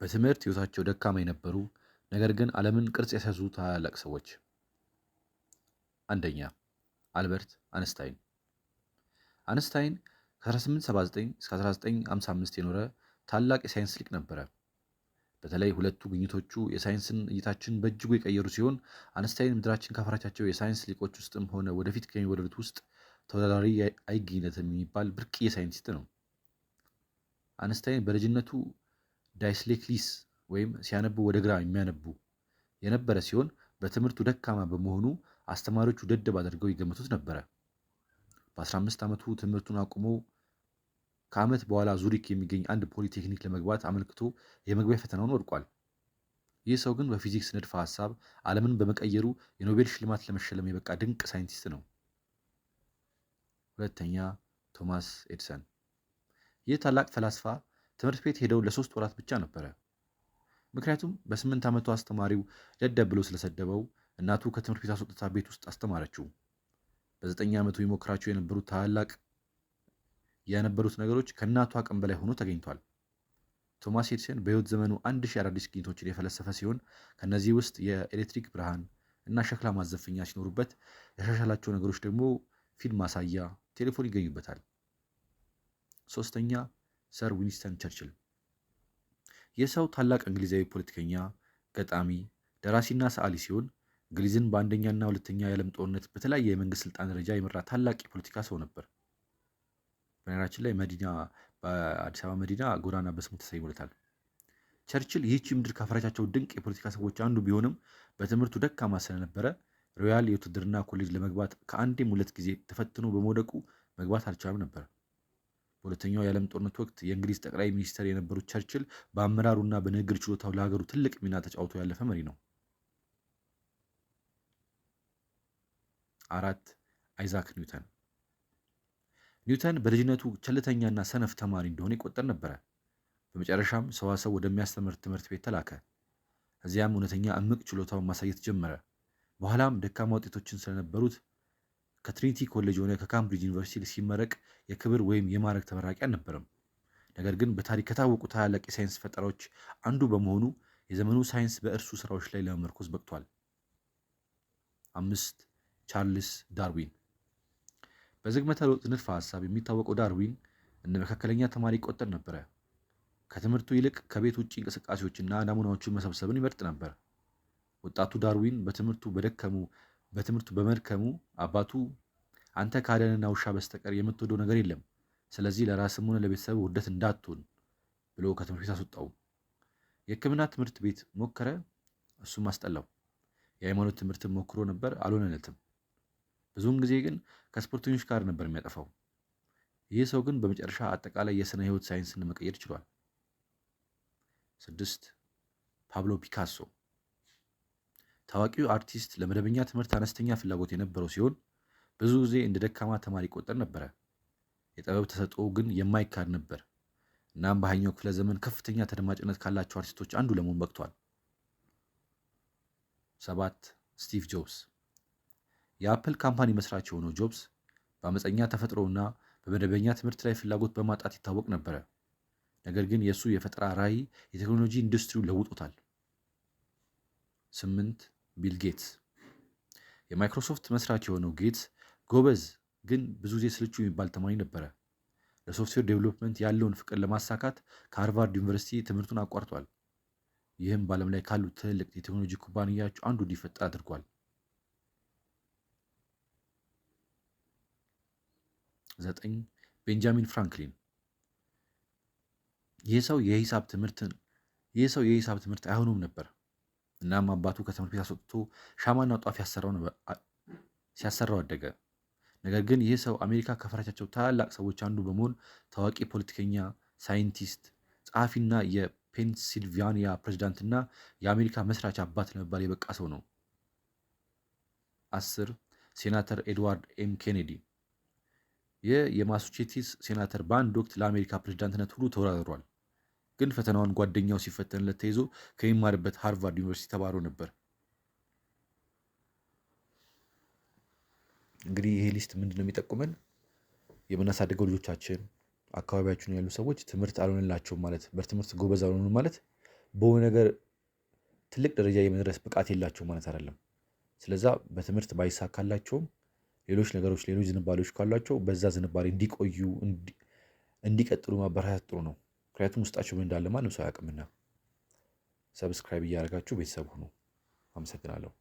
በትምህርት ህይወታቸው ደካማ የነበሩ ነገር ግን አለምን ቅርጽ የሰዙ ታላላቅ ሰዎች። አንደኛ አልበርት አንስታይን። አንስታይን ከ1879 እስከ 1955 የኖረ ታላቅ የሳይንስ ሊቅ ነበረ። በተለይ ሁለቱ ግኝቶቹ የሳይንስን እይታችን በእጅጉ የቀየሩ ሲሆን አንስታይን ምድራችን ካፈራቻቸው የሳይንስ ሊቆች ውስጥም ሆነ ወደፊት ከሚወለዱት ውስጥ ተወዳዳሪ አይገኝለትም የሚባል ብርቅዬ ሳይንቲስት ነው። አንስታይን በልጅነቱ ዳይስሌክሊስ ወይም ሲያነቡ ወደ ግራ የሚያነቡ የነበረ ሲሆን በትምህርቱ ደካማ በመሆኑ አስተማሪዎቹ ደደብ አድርገው ይገምቱት ነበረ። በ15 ዓመቱ ትምህርቱን አቁሞ ከዓመት በኋላ ዙሪክ የሚገኝ አንድ ፖሊቴክኒክ ለመግባት አመልክቶ የመግቢያ ፈተናውን ወድቋል። ይህ ሰው ግን በፊዚክስ ንድፈ ሐሳብ ዓለምን በመቀየሩ የኖቤል ሽልማት ለመሸለም የበቃ ድንቅ ሳይንቲስት ነው። ሁለተኛ ቶማስ ኤድሰን። ይህ ታላቅ ፈላስፋ ትምህርት ቤት ሄደው ለሶስት ወራት ብቻ ነበረ። ምክንያቱም በስምንት ዓመቱ አስተማሪው ደደብ ብሎ ስለሰደበው እናቱ ከትምህርት ቤት አስወጥታ ቤት ውስጥ አስተማረችው። በዘጠኝ ዓመቱ ይሞክራቸው የነበሩት ታላቅ የነበሩት ነገሮች ከእናቱ አቅም በላይ ሆኖ ተገኝቷል። ቶማስ ኤዲሰን በሕይወት ዘመኑ አንድ ሺህ አዳዲስ ግኝቶችን የፈለሰፈ ሲሆን ከእነዚህ ውስጥ የኤሌክትሪክ ብርሃን እና ሸክላ ማዘፈኛ ሲኖሩበት ያሻሻላቸው ነገሮች ደግሞ ፊልም ማሳያ፣ ቴሌፎን ይገኙበታል። ሶስተኛ ሰር ዊንስተን ቸርችል። የሰው ታላቅ እንግሊዛዊ ፖለቲከኛ፣ ገጣሚ፣ ደራሲና ሰዓሊ ሲሆን እንግሊዝን በአንደኛና ሁለተኛ የዓለም ጦርነት በተለያየ የመንግስት ስልጣን ደረጃ የመራ ታላቅ የፖለቲካ ሰው ነበር። በነገራችን ላይ መዲና በአዲስ አበባ መዲና ጎዳና በስሙ ተሰይሞለታል። ቸርችል ይህቺ ምድር ካፈራቻቸው ድንቅ የፖለቲካ ሰዎች አንዱ ቢሆንም በትምህርቱ ደካማ ስለነበረ ሮያል የውትድርና ኮሌጅ ለመግባት ከአንዴም ሁለት ጊዜ ተፈትኖ በመውደቁ መግባት አልቻለም ነበር። በሁለተኛው የዓለም ጦርነት ወቅት የእንግሊዝ ጠቅላይ ሚኒስትር የነበሩት ቸርችል በአመራሩና በንግግር ችሎታው ለሀገሩ ትልቅ ሚና ተጫውቶ ያለፈ መሪ ነው። አራት አይዛክ ኒውተን ኒውተን በልጅነቱ ቸልተኛና ሰነፍ ተማሪ እንደሆነ ይቆጠር ነበረ። በመጨረሻም ሰዋሰው ወደሚያስተምር ትምህርት ቤት ተላከ። እዚያም እውነተኛ እምቅ ችሎታውን ማሳየት ጀመረ። በኋላም ደካማ ውጤቶችን ስለነበሩት ከትሪኒቲ ኮሌጅ የሆነ ከካምብሪጅ ዩኒቨርሲቲ ሲመረቅ የክብር ወይም የማዕረግ ተመራቂ አልነበረም። ነገር ግን በታሪክ ከታወቁ ታላላቅ የሳይንስ ፈጠራዎች አንዱ በመሆኑ የዘመኑ ሳይንስ በእርሱ ስራዎች ላይ ለመመርኮዝ በቅቷል። አምስት ቻርልስ ዳርዊን በዝግመተ ለውጥ ንድፈ ሐሳብ የሚታወቀው ዳርዊን እንደ መካከለኛ ተማሪ ይቆጠር ነበረ። ከትምህርቱ ይልቅ ከቤት ውጭ እንቅስቃሴዎችና ናሙናዎቹን መሰብሰብን ይመርጥ ነበር። ወጣቱ ዳርዊን በትምህርቱ በደከሙ በትምህርቱ በመድከሙ አባቱ አንተ ካደንና ውሻ በስተቀር የምትወደው ነገር የለም፣ ስለዚህ ለራስም ሆነ ለቤተሰብ ውርደት እንዳትሆን ብሎ ከትምህርት ቤት አስወጣው። የሕክምና ትምህርት ቤት ሞከረ፣ እሱም አስጠላው። የሃይማኖት ትምህርትን ሞክሮ ነበር፣ አልሆነለትም። ብዙውን ጊዜ ግን ከስፖርተኞች ጋር ነበር የሚያጠፋው። ይህ ሰው ግን በመጨረሻ አጠቃላይ የሥነ ሕይወት ሳይንስን መቀየር ችሏል። ስድስት ፓብሎ ፒካሶ ታዋቂው አርቲስት ለመደበኛ ትምህርት አነስተኛ ፍላጎት የነበረው ሲሆን ብዙ ጊዜ እንደ ደካማ ተማሪ ይቆጠር ነበረ። የጥበብ ተሰጥኦ ግን የማይካድ ነበር። እናም በሃያኛው ክፍለ ዘመን ከፍተኛ ተደማጭነት ካላቸው አርቲስቶች አንዱ ለመሆን በቅቷል። ሰባት ስቲቭ ጆብስ የአፕል ካምፓኒ መስራች የሆነው ጆብስ በአመፀኛ ተፈጥሮና በመደበኛ ትምህርት ላይ ፍላጎት በማጣት ይታወቅ ነበረ። ነገር ግን የእሱ የፈጠራ ራዕይ የቴክኖሎጂ ኢንዱስትሪው ለውጦታል። ስምንት ቢል ጌትስ የማይክሮሶፍት መስራች የሆነው ጌትስ ጎበዝ ግን ብዙ ጊዜ ስልቹ የሚባል ተማሪ ነበረ። ለሶፍትዌር ዴቨሎፕመንት ያለውን ፍቅር ለማሳካት ከሃርቫርድ ዩኒቨርሲቲ ትምህርቱን አቋርጧል። ይህም በዓለም ላይ ካሉ ትልልቅ የቴክኖሎጂ ኩባንያዎች አንዱ እንዲፈጠር አድርጓል። ዘጠኝ ቤንጃሚን ፍራንክሊን ይህ ሰው የሂሳብ ትምህርትን ይህ ሰው የሂሳብ ትምህርት አይሆኑም ነበር እናም አባቱ ከትምህርት ቤት አስወጥቶ ሻማና ጧፍ ሲያሰራው አደገ። ነገር ግን ይህ ሰው አሜሪካ ከፈራቻቸው ታላላቅ ሰዎች አንዱ በመሆን ታዋቂ ፖለቲከኛ፣ ሳይንቲስት፣ ጸሐፊና የፔንሲልቫኒያ ፕሬዚዳንትና የአሜሪካ መስራች አባት ለመባል የበቃ ሰው ነው። አስር ሴናተር ኤድዋርድ ኤም ኬኔዲ ይህ የማሳቹሴትስ ሴናተር በአንድ ወቅት ለአሜሪካ ፕሬዚዳንትነት ሁሉ ተወዳድሯል። ግን ፈተናውን ጓደኛው ሲፈተንለት ተይዞ ከሚማርበት ሃርቫርድ ዩኒቨርሲቲ ተባሮ ነበር። እንግዲህ ይሄ ሊስት ምንድን ነው የሚጠቁመን? የምናሳድገው ልጆቻችን አካባቢያችን ያሉ ሰዎች ትምህርት አልሆንላቸውም ማለት በትምህርት ጎበዝ አልሆኑ ማለት በሆነ ነገር ትልቅ ደረጃ የመድረስ ብቃት የላቸው ማለት አይደለም። ስለዛ በትምህርት ባይሳካላቸውም ሌሎች ነገሮች ሌሎች ዝንባሌዎች ካሏቸው በዛ ዝንባሌ እንዲቆዩ እንዲቀጥሉ ማበረታታት ጥሩ ነው። ምክንያቱም ውስጣችሁ ምን እንዳለ ማንም ሰው አያውቅምና። ሰብስክራይብ እያደረጋችሁ ቤተሰብ ሁኑ። አመሰግናለሁ።